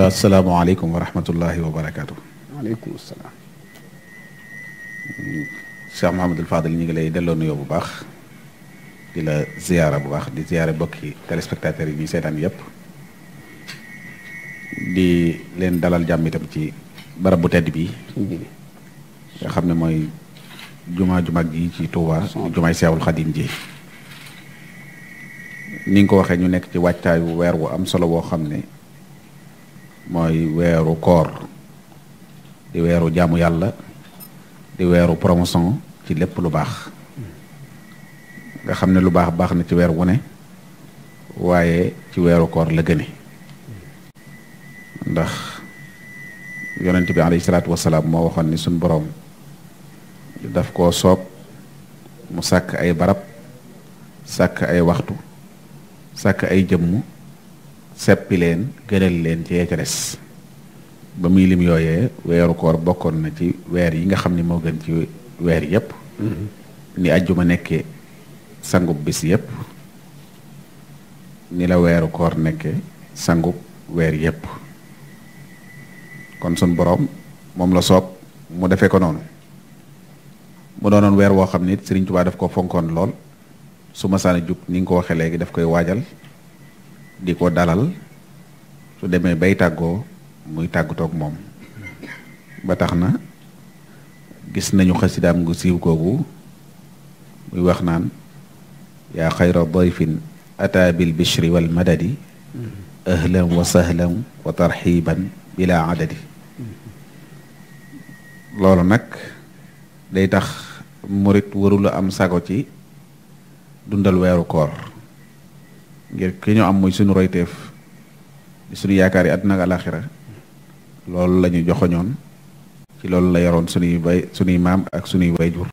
asalaamaaleykum wa rahmatullahi wa barakaatu. waaleykum salaam. Cheikh Mouhamadul Fadal ñu ngi lay delloo nuyoo bu baax di la ziyaara bu baax di ziyaara bokki téléspectateurs yi ñuy seetaan yépp di leen dalal jàmm itam ci barab bu tedd bi xam ne mooy jumaa ju mag ji ci Touba jumaay Seexul Xadim ji ni nga ko waxee ñu nekk ci wàccaayu weer wu am solo woo xam ne mooy weeru koor di weeru jaamu yàlla di weeru promotion ci lépp lu baax nga xam ne lu baax baax na ci weer wu waaye ci weeru koor la gëne ndax yonent bi alayhi salaatu wasalaam moo waxoon ni suñ boroom daf koo soob mu sàkk ay barab sàkk ay waxtu sàkk ay jëmm seppi leen gënal leen ci ca des ba muy lim yooyee weeru koor bokkoon na ci weer yi nga xam ni moo gën ci weer yépp mm-hmm. ni ajjuma nekke sangub bis yépp ni la weeru koor nekke sangub weer yépp kon sun boroom moom la soog mu defe ko noonu mu doonoon weer woo xam nit Sëriñ Tuubaa daf ko fonkoon lool su masaana jug ni nga ko waxee léegi daf koy waajal di ko dalal su demee bay tàggoo muy tàggatoog moom ba tax na gis nañu xasidaam gu siiw googu muy wax naan yaa xayra dayfin ata bil bishri wal madadi ahlan wa sahlan wa tarxiban bila adadi loolu nag day tax murit warula am sago ci dundal weeru koor ngir ki ñu am muy sunu royteef di suñu yaakaar yi àdduna ak alaxira loolu la ñu joxoñoon ci loolu la yoroon suñuy bay suñuy maam ak suñuy wayjur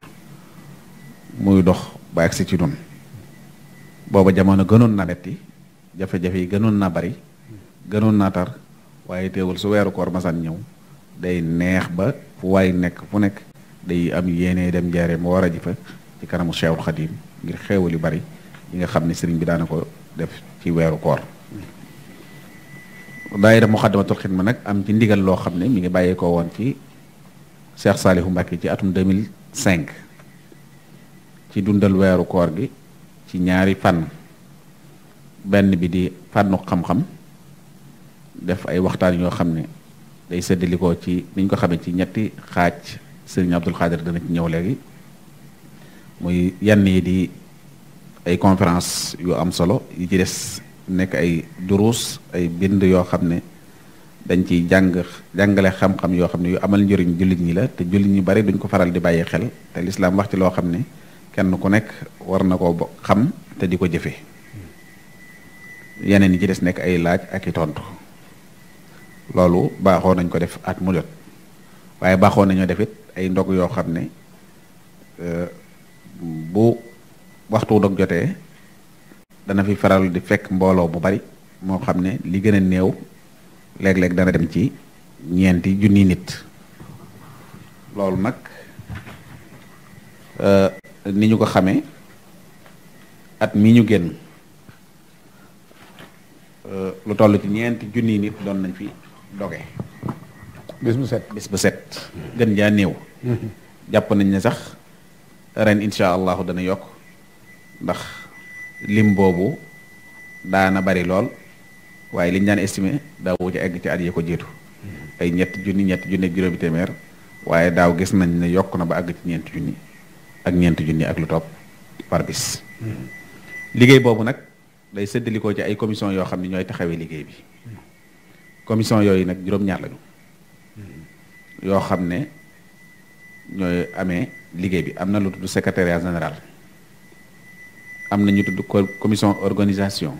muy dox ba agsi ci nun booba jamono gënoon na metti jafe-jafe yi gënoon na bari gënoon na tar waaye teewul su weeru koor masaan ñëw day neex ba fu waay nekk fu nekk day am yéene dem jaaree mu war a ji fa ci kanamu Cheikhul Xadim ngir xeewal yu bari yi nga xam ne sëriñ bi daana ko def ci weeru koor daayira Muxaddamatul ma nag am ci ndigal loo xam ne mi ngi bàyyeekoo woon ci Cheikh Saalihu Mbàkke ci atum 2005 ci dundal weeru koor gi ci ñaari fan benn bi di fànnu xam-xam def ay waxtaan yoo xam ne day séddalikoo ci niñ ko xame ci ñetti xaaj sëriñ Abdul Xaadir dana ci ñëw léegi muy yenn yi di ay conférence yu am solo yi ci des nekk ay duruus ay bind yoo xam ne dañ ciy jàng jàngale xam-xam yoo xam ne yu amal njëriñ jullit ñi la te jullit ñi bari duñ ko faral di bàyyi xel te lislaam wax ci loo xam ne kenn ku nekk war na koo xam te di ko jëfe yeneen yi ci des nekk ay laaj ak i tontu loolu baaxoo nañ ko def at mu waaye baaxoo nañoo def ay ndog yoo xam ne euh, bu waxtu dog jotee dana fi faral di fekk mbooloo bu bari moo xam ne li gën a néew léeg-léeg dana dem ci ñeenti junni nit loolu nag euh, ni ñu ko xamee at mi ñu génn euh, lu toll ci ñeenti junni nit doon nañ fi doge. bis bu set bis bu set. gën jaa néew. Mm-hmm. jàpp nañ ne sax ren incha allahu dana yokk. ndax lim boobu daana bari lool waaye liñ daan estimé daawu ci egg ci at yi ko jiitu ay ñett junni ñett junni juróomi téeméer waaye daaw gis nañ ne yokk na ba àgg ci ñeenti junni ak ñeenti junni lu topp par bis liggéey boobu nag day séddalikoo ci ay commission yoo xam ne ñooy taxawee liggéey bi yooyu nag juróom yoo xam ne ñooy amee liggéey bi am na lu tudd secretariat général am na ñu tudd commission organisation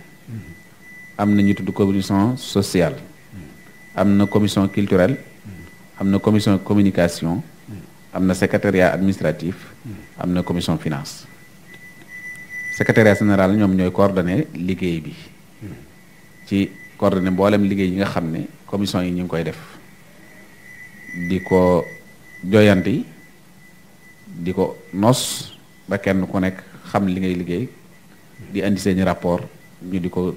am na ñu tudd commission sociale am na commission culturelle am na commission communication am na secrétariat administratif am na commission finance secrétariat sénéral ñoom ñooy coordonné liggéey bi ci coordonné mboolem liggéey yi nga xam ne commission yi ñu ngi koy def di ko joyanti di ko nos ba kenn ku nekk xam li ngay liggéey di indi seeni rapport ñu di ko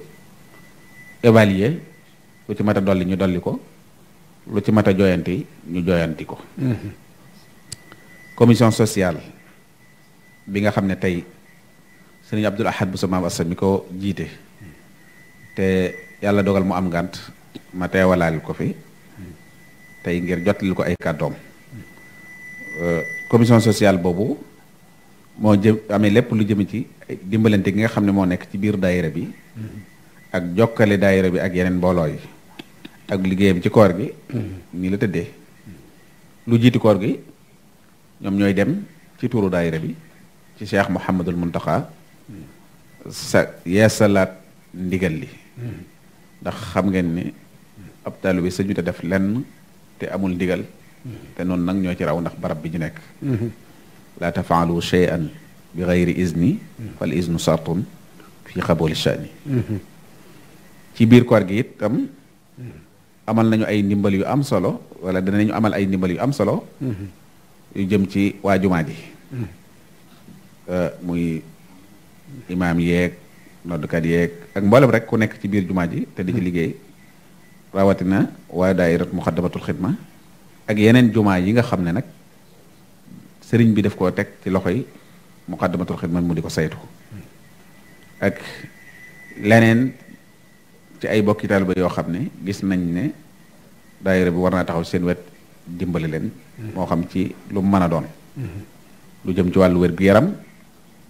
évaluer lu ci mat a dolli ñu dolli ko lu ci mat a joyanti ñu joyanti ko mm-hmm. commission sociale bi nga xam ne tey sëriñ Abdul Ahad bu sama Assane mi ko jiite te yàlla dogal mu am ngànt ma teewalaal ko fi tey ngir jotlil ko ay kàddoom mm-hmm. euh, commission sociale boobu moo jëm amee lépp lu jëme ci dimbalante gi nga xam ne moo nekk ci biir daayira bi ak jokkale daayira bi ak yeneen mbooloo yi ak liggéeyam ci koor gi nii la tëddee lu jiiti koor gi ñoom ñooy dem ci tuuru daayira bi ci Cheikh Mouhamadul Mountakha sa yeesalaat ndigal li ndax xam ngeen ne ab taalibe sëñu te def lenn te amul ndigal te noonu nag ñoo ci raw ndax barab bi ñu nekk laa tafaalu cheyan bi gayri izni fal iznu sartun fi xaboli chani mhm. ci biir koor gi itam amal nañu ay ndimbal yu am solo wala danañu amal ay ndimbal yu am solo mhm. yu jëm ci waa jumaa ji mhm. euh, muy imaam yeeg noddukat yeeg ak mboolem rek ku nekk ci biir jumaa ji te di ci liggéey rawatina waaye daayirat muxaddamatul xidma ak yeneen jumaa yi nga xam ne nag sëriñ bi def koo teg ci loxoy muqaddamatul xidma mu di ko saytu ak leneen ci ay bokki taaliba yoo xam ne gis nañ ne daayira bi war naa taxaw seen wet dimbali leen moo xam ci lu mën a doon lu jëm ci wàllu wér-gu-yaram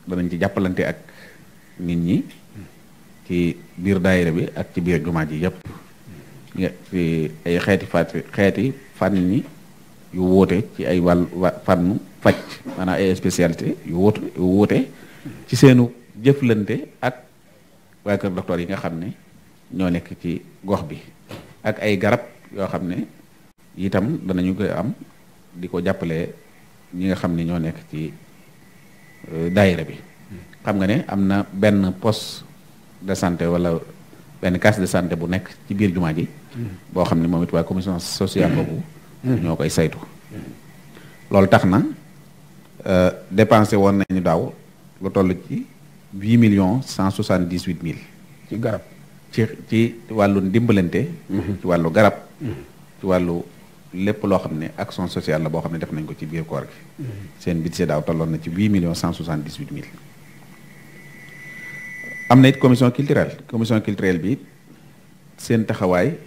danañ ci jàppalante ak nit ñi ci biir daayira bi ak ci biir jumaa ji yépp ay xeeti fànn xeeti fànn ni yu wóote ci ay wàll fànnu faj maanaam ay spécialité yu wut yu wuute ci seenu jëflante ak waa kër docteur yi nga xam ne ñoo nekk ci gox bi ak ay garab yoo xam ne itam danañu koy am di ko jàppale ñi nga xam ne ñoo nekk ci euh, daayira bi xam nga ne am na benn poste de santé wala benn case de santé bu nekk ci biir jumaa ji boo xam ne moom it waa commission sociale boobu ñoo loolu tax na Euh, dépensé woon nañu daaw lu toll ci huit millions cent soixante dix huit mille. ci garab ci ci wàllu ndimbalante. Mhm. ci wàllu garab. Mhm. ci wàllu lépp loo xam ne action sociale la boo xam ne def nañ ko ci biir koor gi. Mhm. seen budget daaw tolloon na ci huit million cent soixante dix huit mille. am na it commission culturelle commission culturelle bi seen taxawaay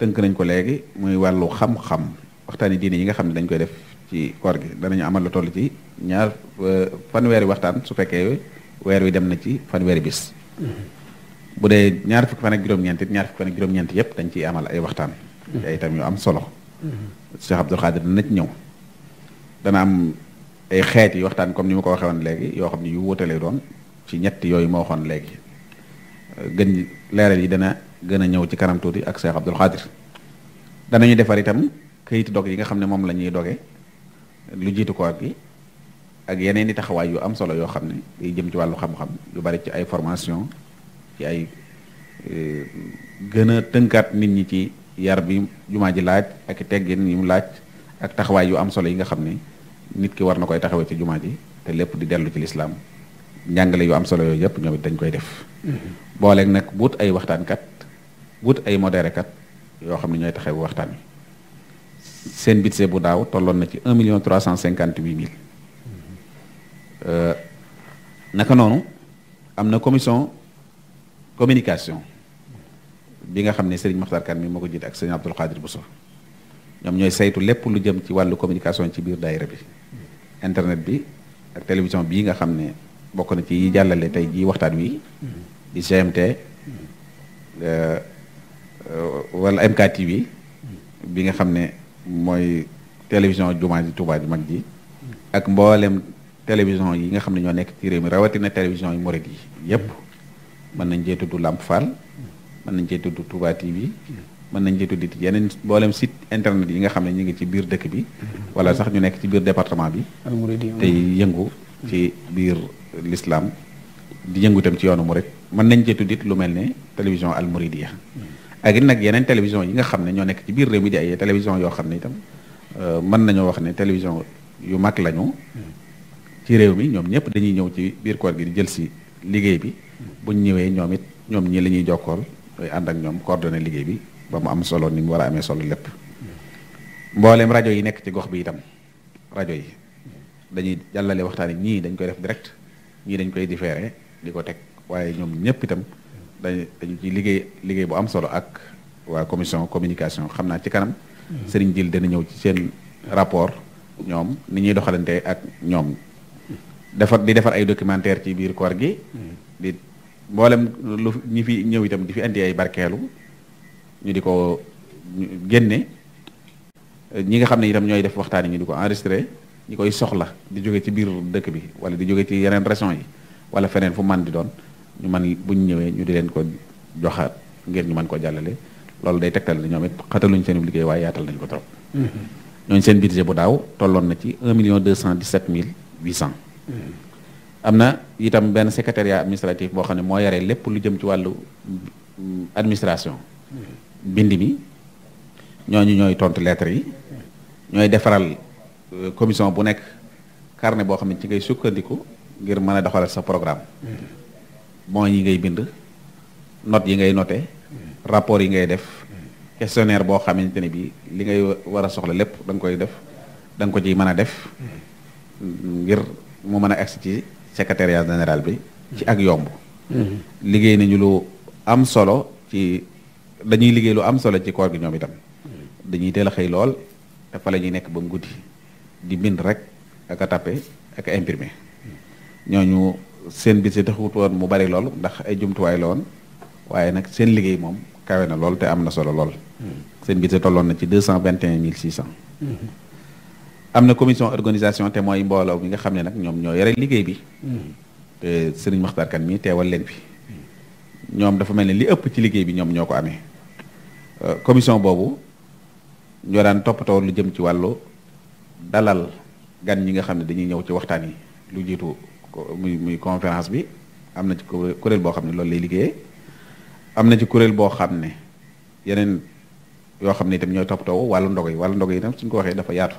tënk nañ ko léegi muy wàllu xam-xam waxtaani diine yi nga xam ne dañ koy def. ci koor gi danañu amal lu toll ci ñaar euh, fanweeri waxtaan su fekkee weer wi dem na ci fanweeri bis mm-hmm. bu dee ñaar fukki fan juróom-ñeent ñaar fukki fan juróom-ñeent yëpp dañ ciy amal ay waxtaan mm-hmm. itam yu am solo mm-hmm. Cheikh Abdou Khadir dana ñëw dana am ay xeet yi waxtaan comme ni ma ko waxee woon léegi yoo xam ne yu wuute lay doon ci ñett yooyu ma waxoon léegi gën leeral yi dana gën a ñëw ci kanam tuuti ak Cheikh Abdou Khadir danañu defar itam kayitu dog yi nga xam ne moom la ñuy doge lu jiitu koor gi ak yeneen i taxawaay yu am solo yoo xam ne day jëm ci wàllu xam-xam lu bari ci ay formation ci ay e, gën a tënkaat nit ñi ci yar bi jumaa ji laaj ak teggin yi mu laaj ak taxawaay yu am solo yi nga xam ne nit ki war na koy taxawee ci jumaa ji te lépp di dellu ci lislaam njàngale yu am solo yooyu yëpp ñoom dañ koy def mm-hmm. booleeg nag buut ay waxtaankat buut ay modérekat yoo xam ne ñooy taxawu waxtaan wi seen budget bu daaw tolloon na ci un million trois cent cinquante huit mille euh, naka noonu am na commission communication bi nga xam ne Serigne Makhtar Kane mi moo ko jiite ak Serigne Abdoul Khadir Bousso ñoom ñooy saytu lépp lu jëm ci wàllu communication ci biir daayira bi internet bi ak télévision bii nga xam ne bokk na ci yi jàllale tey jii waxtaan wi di GMT euh, euh, wala MK bi nga xam ne mooy télévision jumaa ji Tuubaa ji mag ji ak mboolem télévision yi nga xam ne ñoo nekk ci réew mi rawatina télévision yi murid yi yépp mën nañ cee tudd làmp Fall mën nañ cee tudd Touba bi mën nañ cee di it yeneen mboolem site internet yi nga xam ne ñu ngi ci biir dëkk bi wala sax ñu nekk ci biir département bi tey yëngu ci biir lislaam di yëngu itam ci yoonu murid mën nañ cee tudd lu mel ne télévision Al Mouridiyyah ak it nag yeneen télévision yi nga xam ne ñoo nekk ci biir réew mi di ay télévision yoo xam ne itam euh, mën nañoo wax ne télévision yu mag lañu ci réew mi ñoom ñëpp dañuy ñëw ci biir koor gi di jël si liggéey bi buñ ñëwee ñoom it ñoom ñii la ñuy jokkool day ànd ak ñoom coordonné liggéey bi ba mu am solo ni mu war a amee solo lépp mbooleem rajo yi nekk ci gox bi itam rajo yi dañuy jàllale waxtaan yi ñii dañ koy def direct ñii dañ koy différé di ko teg waaye ñoom ñëpp itam dañu dañu ci liggéey liggéey bu am solo ak waa commission communication xam naa ci kanam. sëriñ Dil dana ñëw ci seen rapport ñoom ni ñuy doxalante ak ñoom. defar di defar ay documentaire ci biir koor gi. di mboolem lu ñi fi ñëw itam di fi indi ay barkeelu ñu di ko génne ñi nga xam ne itam ñooy def waxtaan ñu di ko enregistré ñi koy soxla di jóge ci biir dëkk bi wala di jóge ci yeneen région yi wala feneen fu man di doon. ñu man buñ ñëwee ñu di leen ko joxaat ngir ñu mën ko jàllale loolu day tegtal ne ñoom it xataluñ seen liggéey waaye yaatal nañ ko trop mm-hmm. ñooñu seen budget bu daaw tolloon na ci 1 million 217 mille 800 mm-hmm. am na itam benn secrétariat administratif boo xam ne moo yore lépp lu jëm ci wàllu administration mm-hmm. bind mi ñooñu ñooy tontu lettres yi ñooy defaral euh, commission bu nekk karne boo xam ne ci ngay sukkandiku ngir mën a doxalal sa programme bon yi ngay bind note yi ngay noté rapport yi ngay def questionnaire boo xamante ne bi li ngay war a soxla lépp da koy def da nga ko ci mën a def ngir mu mën a agsi ci secrétariat général bi ci ak yomb liggéey nañu lu am solo ci dañuy liggéey lu am solo ci koor gi ñoom itam dañuy teel lool te fa la ñuy nekk ba guddi di bind rek ak tappe ak a ñooñu seen bis yi taxut woon mu bari lool ndax ay jumtuwaay la waaye nag seen liggéey moom kawe na lool te am na solo lool. Mm-hmm. seen bis yi tolloon na ci deux cent vingt et un mille six cent. Mm-hmm. am na commission organisation te mooy mbooloo bi nga xam ne nag ñoom ñoo yore liggéey bi. Mm-hmm. te sëriñ Maxtaar Kan mi teewal leen fi. ñoom dafa mel ni li ëpp ci liggéey bi ñoom ñoo ko amee. Euh, commission boobu ñoo daan toppatoo lu jëm ci wàllu dalal gan ñi nga xam ne dañuy ñëw ci waxtaan yi muy muy conférence bi am na ci kuréel boo xam ne loolu lay liggéeyee am na ci kuréel boo xam ne yeneen yoo xam ne itam ñooy toppatoo wàllu ndogo yi wàllu ndogo yi itam suñ ko waxee dafa yaatu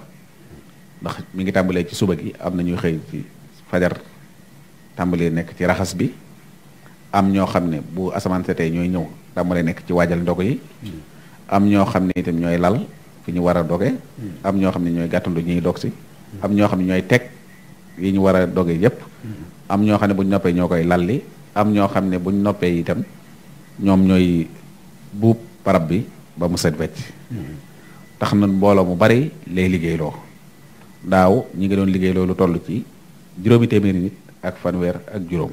ndax mi ngi tàmbalee ci suba gi am na ñuy xëy ci fajar tàmbalee nekk ci raxas bi am ñoo xam ne bu asamaan setee ñooy ñëw tàmbalee nekk ci waajal ndogo yi am ñoo xam ne itam ñooy lal fi ñu war a doge hmm. am ñoo xam ne ñooy gàttandu ñuy dog am ñoo xam ne ñooy teg yi ñu war a doge yëpp am ñoo xam ne bu noppee ñoo koy lalli am ñoo xam ne bu noppee itam ñoom ñooy buub barab bi ba mu set wecc tax na mbooloo mu bari lay liggéeyloo daaw ñi ngi doon liggéeyloo lu toll ci juróomi téeméeri nit ak fanweer ak juróom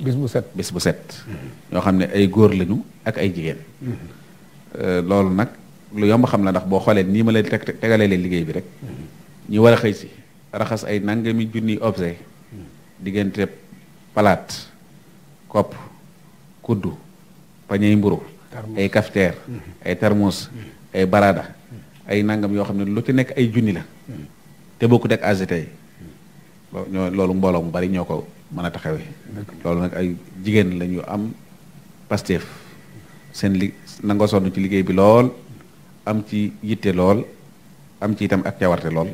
bis bu set bis bu set ñoo xam ne ay góor lañu ak ay jigéen euh, loolu nag lu yomb xam la ndax boo xoolee nii ma la teg tegalee leen liggéey bi rek ñi war a xëy si raxas ay nangami junniy objet diggante palaat kopp kuddu pañey mburu ay cafetière mm-hmm. ay thermos mm-hmm. ay barada ay nangam yoo xam ne lu ci nekk ay junni la mm-hmm. te bokkut ak AGT yi ñoo loolu mbooloo mu bari ñoo ko mën a taxawee loolu nag ay jigéen lañu am Pastef seen li nanga sonn ci liggéey bi lool am ci yitte lool am ci itam ak cawarte lool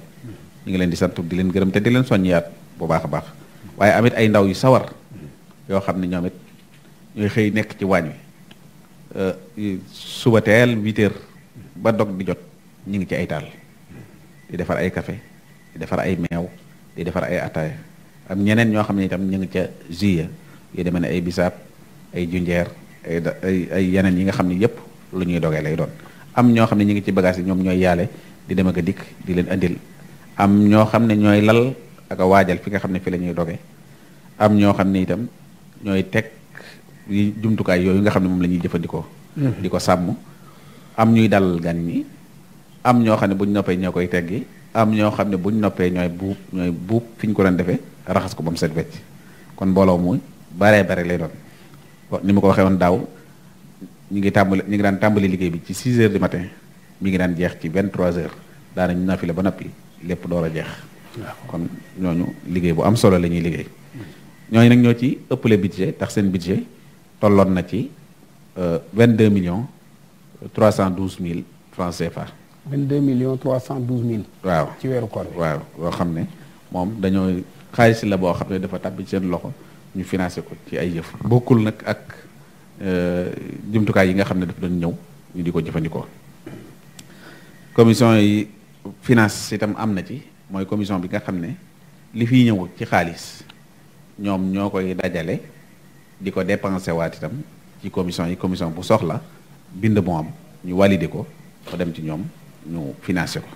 ñu ngi leen di santu di leen gërëm te di leen soññaat bu baax a baax waaye amit ay ndaw yu sawar yoo xam ne ñoom it ñooy xëy nekk ci waañ wi euh, suba teel huit ba dog di jot ñu ngi ci ay taal di defar ay kafe di defar ay meew di defar ay ataaya am ñeneen ñoo xam ne itam ñu ngi ca jus yu demee ne ay bisaab ay junjeer ay ay ay yeneen yi nga xam ne yëpp lu ñuy dogee lay doon am ñoo xam ne ñu ngi ci bagage yi ñoom ñooy yaale di dem a dikk di leen andil am ñoo xam ne ñooy lal ak a waajal fi nga xam ne fi la ñuy doge am ñoo xam ne itam ñooy teg yi jumtukaay yooyu nga xam ne moom la ñuy jëfandikoo. Mhm. di ko sàmm am ñuy dalal gan ñi am ñoo xam ne buñ noppee ñoo koy teggi am ñoo xam ne buñ noppee ñooy buub ñooy buub fi ñu ko doon defee raxas ko ba set wecc kon mbooloo mu baree bare lay doon ni mu ko waxee woon daaw ñu ngi tàmbali daan tàmbali liggéey bi ci 6 heures du matin mi ngi daan jeex ci 23 heures daanañu nafila ba noppi. lépp door a jeex kon ñooñu liggéey bu am solo la ñuy liggéey ñooñu nag ñoo ci ëppale budget tax seen budget tolloon na ci euh, vingt deux millions trois cent douze mille francs CFA. vingt deux millions trois cent douze mille. waaw ci weeru koor bi waaw loo xam ne moom dañoo xaalis la boo xam ne dafa tàbbi seen loxo ñu financé ko ci ay yëf. bokkul nag ak euh, jumtukaay yi nga xam ne dafa doon ñëw ñu di ko jëfandikoo commission yi. finance itam am na ci mooy commission bi nga xam ne li fi ñëw ci xaalis ñoom ñoo koy dajale di ko dépensé waat itam ci commission yi commission bu soxla bind moo ñu validé ko ko dem ci ñoom ñu financé ko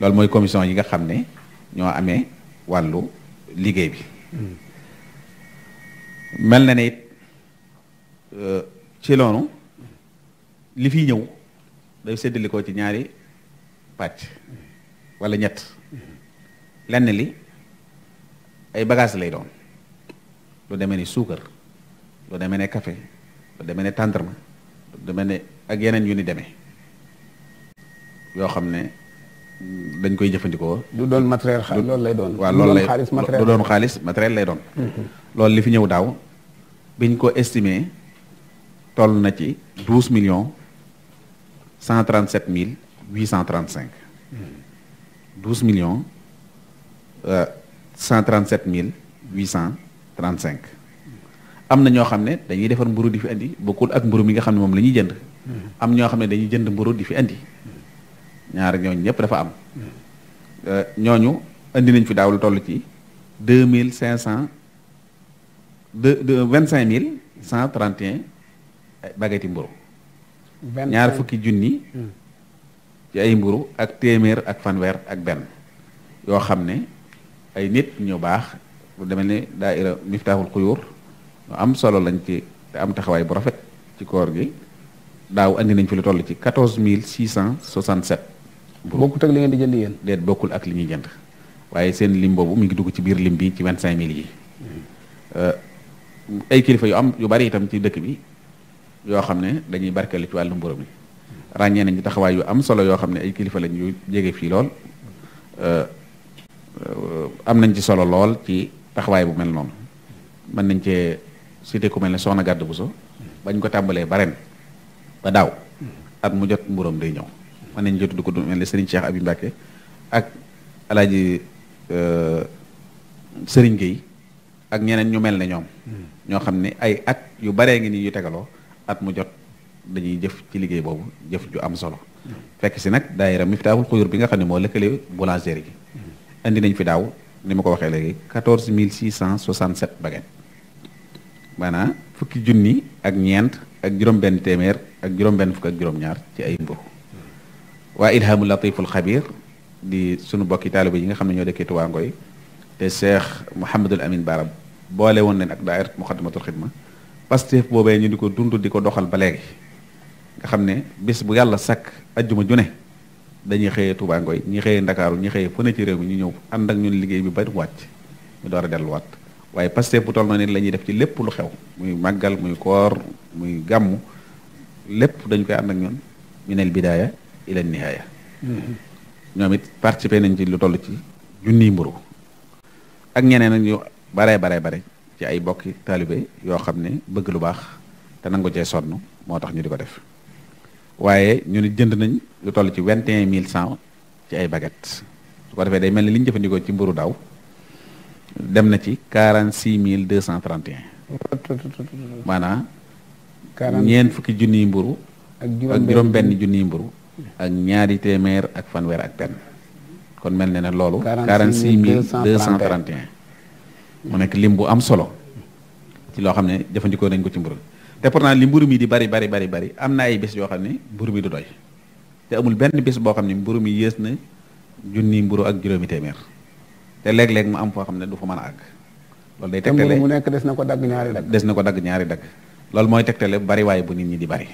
loolu mooy commission yi nga xam ne ñoo amee wàllu liggéey bi mel na ne it euh, ci loonu li fi ñëw day séddale ko ci ñaari pàcc walla ñett lenn li ay bagages lay doon lu demee ni suukar lu demee ne café lu demee ne tàndarma lu demee ne ak yeneen yu ni deme yoo xam ne dañ koy jëfandikoo. du doon matériel xaalis loolu lay doon. waaw loolu doon xaalis matériel lay doon. Mm-hmm. loolu li fi ñëw daaw biñ ko estimé toll na ci douze million cent trente sept mille. 835 12 millions euh, 137 mille 835 am na ñoo xam ne dañuy defar mburu di fi andi bokkul ak mburu mi nga xam ne moom la ñuy jënd am ñoo xam ne dañuy jënd mburu di fi andi ñaar ñooñu ñëpp dafa am euh, ñooñu indi nañ fi daaw lu toll ci deux mille cinq cent deux vingt cinq mille cent trente et un baguettes mburu ñaar fukki junni hmm. ci ay mburu ak téeméer ak fanweer ak benn yoo xam ne ay nit ñu baax lu demee ne daaira miftaaxul xuyuur ñu am solo lañ ci te am taxawaay bu rafet ci koor gi daaw andi nañ fi lu toll ci quatorze mille six cent soixante sept. bokkut ak li ngeen di jënd yéen. déet ak li ñuy jënd waaye seen lim boobu mu ngi dugg ci biir lim bi ci vingt cinq mille yi. Mm-hmm. Euh, ay kilifa yu am yu bari itam ci dëkk bi yoo xam ne dañuy barkeelu ci wàllu mburu bi ràññee nañu taxawaay yu am solo yoo xam ne ay kilifa lañ yu jege fii lool euh, am nañ ci solo lool ci taxawaay bu mel noonu mën nañ cee cité ku mel ne Soxna Gàdd Buso bañ ko tàmbalee ba daaw at mu jot mburoom day ñëw mën nañ jotu du ko du mel ne Serigne Cheikh Abi Mbacke ak alaaji euh, Serigne Gueye ak ñeneen ñu mel ne ñoom hmm. ñoo xam ne ay at yu baree ngi nii yu tegaloo at mu jot dañuy jëf ci liggéey boobu jëf ju am solo fekk si nag daayira Miftaahul Xuyur bi nga xam ne moo lëkkale boulangerie yi indi nañ fi daaw ni ma ko waxee léegi quatorze mille six cent soixante sept baguettes maanaam fukki junni ak ñeent ak juróom-benn téeméer ak juróom-benn fukk ak juróom-ñaar ci ay mburu waa Ilhaamul Latiful Xabiir di sunu bokki taaliba yi nga xam ne ñoo dëkkee Tuubaa Ngoy te Cheikh Mouhamadul Amin Baara boole woon leen ak daayira Muxaddamatul Xidma Pastef boobee ñu di ko dund di ko doxal ba léegi nga xam ne bis bu yàlla sakk ajjuma ju ne dañuy xëyee Touba Ngoy ñi xëyee Ndakaaru ñi xëyee fu ne ci réew mi ñu ñëw ànd ak ñun liggéey bi ba wàcc ñu door a delluwaat waaye Pastef bu toll na ni la ñuy def ci lépp lu xew muy màggal muy koor muy gàmmu lépp dañ koy ànd ak ñun minel bidaaya ila nihaaya ñoom it participé nañ ci lu toll ci junniy mburu ak ñeneen ak ñu baree baree bare ci ay bokki taalibe yoo xam ne bëgg lu baax te nangu cee sonn moo tax ñu di ko def waaye ñu ne jënd nañ lu toll ci vingt et un mille cent ci ay baguettes su ko defee day mel ni liñ jëfandikoo ci mburu daw dem na ci quarante six mille deux cent trente et un ñeent fukki junniy mburu ak juróom benn junni mburu ak ñaari téeméer ak fanweer ak benn kon mel na ne loolu quarante six mille deux cent trente et un mu nekk lim bu am solo ci loo xam ne jëfandikoo nañ ko ci mburu te pourtant li mburu mi di bari bari bari bari am na ay bés yoo xam ne mburu mi du doy te amul benn bés boo xam ne mburu mi yées na junni mburu ak juróomi téeméer te léeg-léeg mu am foo xam ne du fa mën a àgg loolu day tegtale mu nekk des na ko dagg ñaari dagg des na ko dagg ñaari dagg loolu mooy tegtale bari waaye bu nit ñi di bari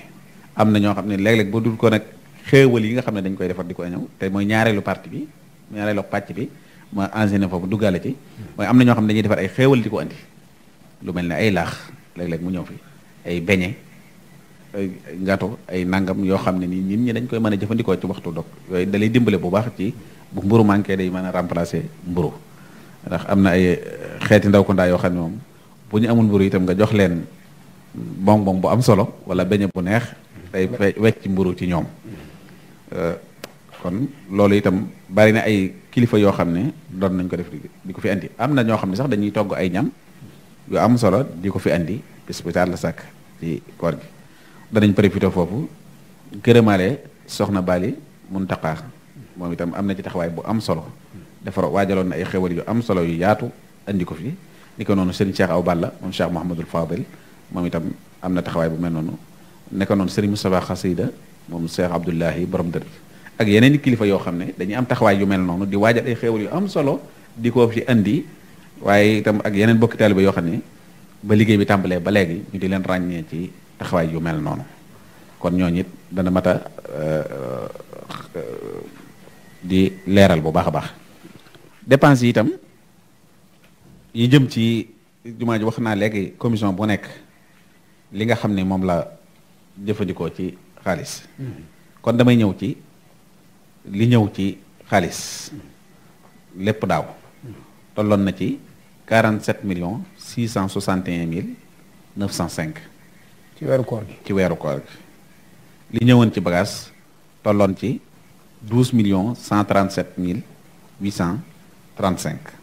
am na ñoo xam ne léeg-léeg bu dul ko nag xéewal yi nga xam ne dañ koy defar di ko ñëw te mooy ñaareelu partie bi ñaareelu pàcc bi ma enseigné foofu duggaale ci mooy am na ñoo xam ne dañuy defar ay xéewal di ko andi lu mel ne ay laax léeg mu ñëw fi ay beñe ay gâteau ay nangam yoo xam ne nii nit ñi dañ koy mën a jëfandikoo ci waxtu dog yooyu dalay dimbale bu baax ci bu mburu manqué day mën a remplacer mburu ndax am na ay eh, xeeti ndaw yoo xam ne moom bu ñu amul mburu itam nga jox leen bonbon bu am solo wala beñe bu neex day wecc mburu ci ñoom eh, kon loolu itam bari na ay kilifa yoo xam ne doon nañ ko def di ko fi andi am na ñoo xam ne sax dañuy togg ay ñam yu am solo di ko fi andi bis bu la sàkk ci koor gi danañ profité foofu gërëmaale soxna Bali Muntaqa moom itam am na ci taxawaay bu am solo defar waajaloon na ay xewel yu am solo yu yaatu indi ko fi ni noonu sëriñ Cheikh Aw Balla moom Cheikh Mouhamadul Fadil moom itam am na taxawaay bu mel noonu ne ko noonu sëriñ Moustapha Xasida moom Cheikh Abdoulahi borom dër ak yeneen i kilifa yoo xam ne dañuy am taxawaay yu mel noonu di waajal ay xewal yu am solo di ko fi indi waaye itam ak yeneen bokki taaliba yoo xam ne ba liggéey bi tàmbalee ba léegi ñu di leen ràññee ci taxawaay yu mel noonu kon ñooñu it dana mat a euh, di leeral bu baax a baax dépense yi itam yi jëm ci jumaa ji wax naa léegi commission bu nekk li nga xam ne moom la jëfandikoo ci xaalis mm-hmm. kon damay ñëw ci li ñëw ci xaalis mm-hmm. lépp daaw mm-hmm. tolloon na ci 47 millions 661 mille 905. ci weeru koor gi ci weeru koor gi. li ñëwoon ci bagage tolloon ci 12 millions 137 mille cent 835.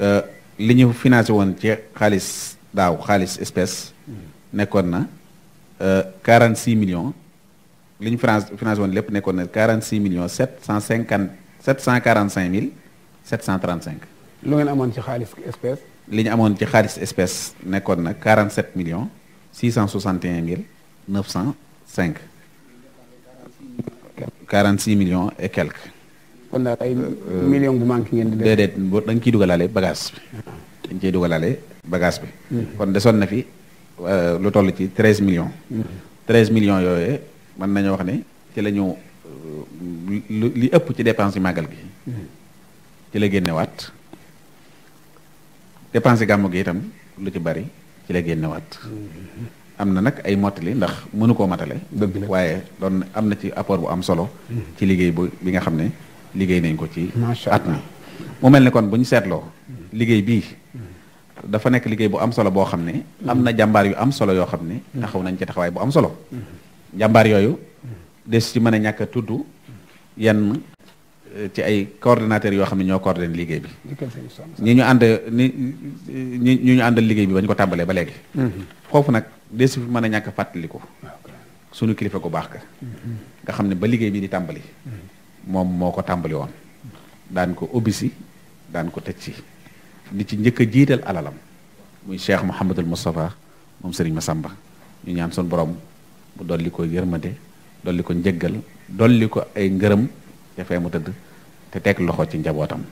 Euh, li ñu finance woon ci xaalis daaw xaalis espèce. nekkoon na 46 euh, millions. li ñu financé financé woon lépp nekkoon na 46 millions 750 cinq mille 735. lu ngeen amoon ci xaalis espèce. li ñu amoon ci xaalis espèce nekkoon na 47 millions 661 mille 905. 46 millions et quelques. kon daal ay millions bu manqué ngeen di def. déedéet boo da nga ciy dugalaale bagage bi. dañ ciy dugalaale bagage bi. Hmm. kon desoon na fi euh, lu toll ci 13 million 13 millions yooyee mën nañu wax ne ci lañu euh, li ëpp ci dépense yi màggal gi. Hmm. ci la génnewaat. dépense gàmmu gi itam lu ci bari ci la génnewaat am na nag ay mottali ndax mënu koo matale dëgg waaye doon am na ci apport bu am solo mm-hmm. ci liggéey bu bi nga xam ne liggéey nañ ko ci at mi mu mel ni kon bu ñu seetloo mm-hmm. liggéey bii mm-hmm. dafa nekk liggéey bu am solo boo xam ne am na jàmbaar yu am solo yoo xam ne taxaw nañ ci taxawaay bu am solo jàmbaar yooyu des ci mën ñàkk a yenn ci ay coordinateurs yoo xam ne ñoo coordonné liggéey bi. ñi ñu ànd ni ñi ñu àndal liggéey bi ba ko tàmbalee ba léegi. Mm-hmm. foofu nag desu fi mën a ñàkk fàttaliku. suñu kilifa gu baax ka mm-hmm. nga xam ne ba liggéey bi di tàmbali. Mm-hmm. moom moo ko tàmbali woon. daan ko obisi daan ko tëj si. di ci njëkk a jiital alalam. muy cheikh Mouhamadul Moustapha moom ma Massamba ñu ñaan suñu borom mu dolli ko yërmande dolli ko njëggal dolli ko ay ngërëm. jafee mu tëdd te teg loxo ci njabootam